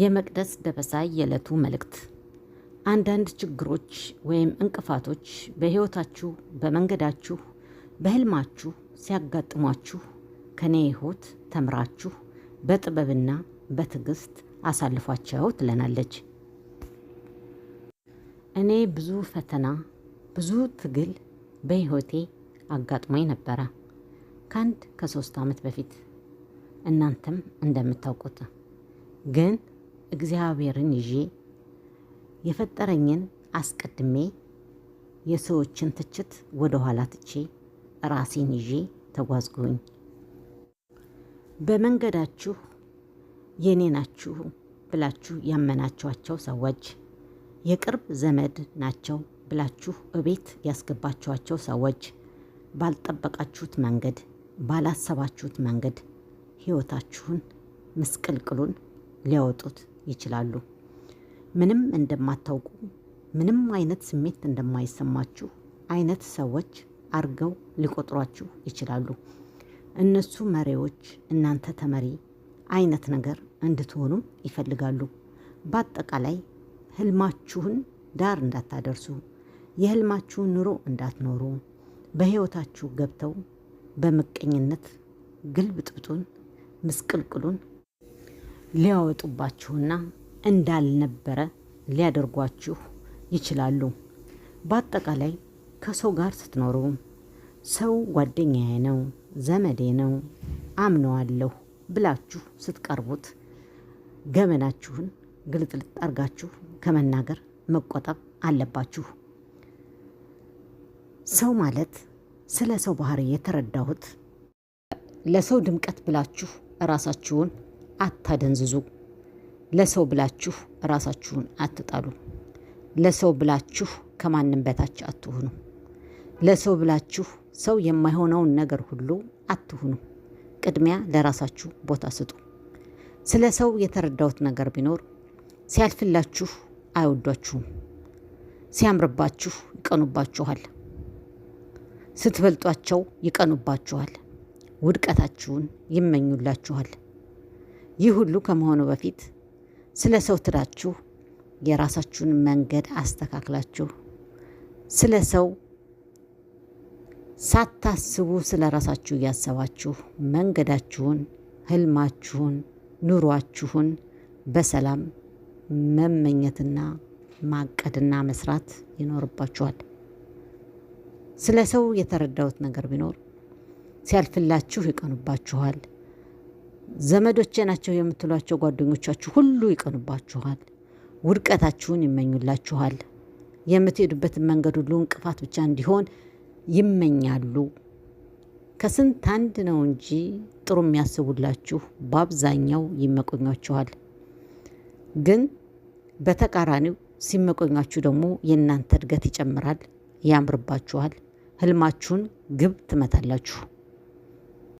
የመቅደስ ደበሳይ የዕለቱ መልእክት፣ አንዳንድ ችግሮች ወይም እንቅፋቶች በሕይወታችሁ፣ በመንገዳችሁ፣ በሕልማችሁ ሲያጋጥሟችሁ ከኔ ሕይወት ተምራችሁ በጥበብና በትዕግስት አሳልፏቸው ትለናለች። እኔ ብዙ ፈተና፣ ብዙ ትግል በሕይወቴ አጋጥሞኝ ነበረ ከአንድ ከሶስት ዓመት በፊት እናንተም እንደምታውቁት ግን እግዚአብሔርን ይዤ የፈጠረኝን አስቀድሜ የሰዎችን ትችት ወደ ኋላ ትቼ ራሴን ይዤ ተጓዝጉኝ። በመንገዳችሁ የኔ ናችሁ ብላችሁ ያመናችኋቸው ሰዎች፣ የቅርብ ዘመድ ናቸው ብላችሁ እቤት ያስገባችኋቸው ሰዎች ባልጠበቃችሁት መንገድ፣ ባላሰባችሁት መንገድ ሕይወታችሁን ምስቅልቅሉን ሊያወጡት ይችላሉ። ምንም እንደማታውቁ ምንም አይነት ስሜት እንደማይሰማችሁ አይነት ሰዎች አርገው ሊቆጥሯችሁ ይችላሉ። እነሱ መሪዎች፣ እናንተ ተመሪ አይነት ነገር እንድትሆኑ ይፈልጋሉ። በአጠቃላይ ህልማችሁን ዳር እንዳታደርሱ፣ የህልማችሁን ኑሮ እንዳትኖሩ፣ በህይወታችሁ ገብተው በምቀኝነት ግልብጥብጡን ምስቅልቅሉን ሊያወጡባችሁና እንዳልነበረ ሊያደርጓችሁ ይችላሉ። በአጠቃላይ ከሰው ጋር ስትኖሩ ሰው ጓደኛዬ ነው፣ ዘመዴ ነው፣ አምነዋለሁ ብላችሁ ስትቀርቡት ገመናችሁን ግልጥልጥ አርጋችሁ ከመናገር መቆጠብ አለባችሁ። ሰው ማለት ስለ ሰው ባህሪ የተረዳሁት ለሰው ድምቀት ብላችሁ እራሳችሁን አታደንዝዙ። ለሰው ብላችሁ ራሳችሁን አትጣሉ። ለሰው ብላችሁ ከማንም በታች አትሁኑ። ለሰው ብላችሁ ሰው የማይሆነውን ነገር ሁሉ አትሁኑ። ቅድሚያ ለራሳችሁ ቦታ ስጡ። ስለ ሰው የተረዳሁት ነገር ቢኖር ሲያልፍላችሁ አይወዷችሁም፣ ሲያምርባችሁ ይቀኑባችኋል፣ ስትበልጧቸው ይቀኑባችኋል፣ ውድቀታችሁን ይመኙላችኋል። ይህ ሁሉ ከመሆኑ በፊት ስለ ሰው ትዳችሁ የራሳችሁን መንገድ አስተካክላችሁ ስለ ሰው ሳታስቡ ስለ ራሳችሁ እያሰባችሁ መንገዳችሁን፣ ህልማችሁን፣ ኑሯችሁን በሰላም መመኘትና ማቀድና መስራት ይኖርባችኋል። ስለ ሰው የተረዳሁት ነገር ቢኖር ሲያልፍላችሁ ይቀኑባችኋል። ዘመዶቼ ናቸው የምትሏቸው ጓደኞቻችሁ ሁሉ ይቀኑባችኋል፣ ውድቀታችሁን ይመኙላችኋል። የምትሄዱበትን መንገድ ሁሉ እንቅፋት ብቻ እንዲሆን ይመኛሉ። ከስንት አንድ ነው እንጂ ጥሩ የሚያስቡላችሁ በአብዛኛው ይመቆኟችኋል። ግን በተቃራኒው ሲመቆኛችሁ ደግሞ የእናንተ እድገት ይጨምራል፣ ያምርባችኋል። ህልማችሁን ግብ ትመታላችሁ።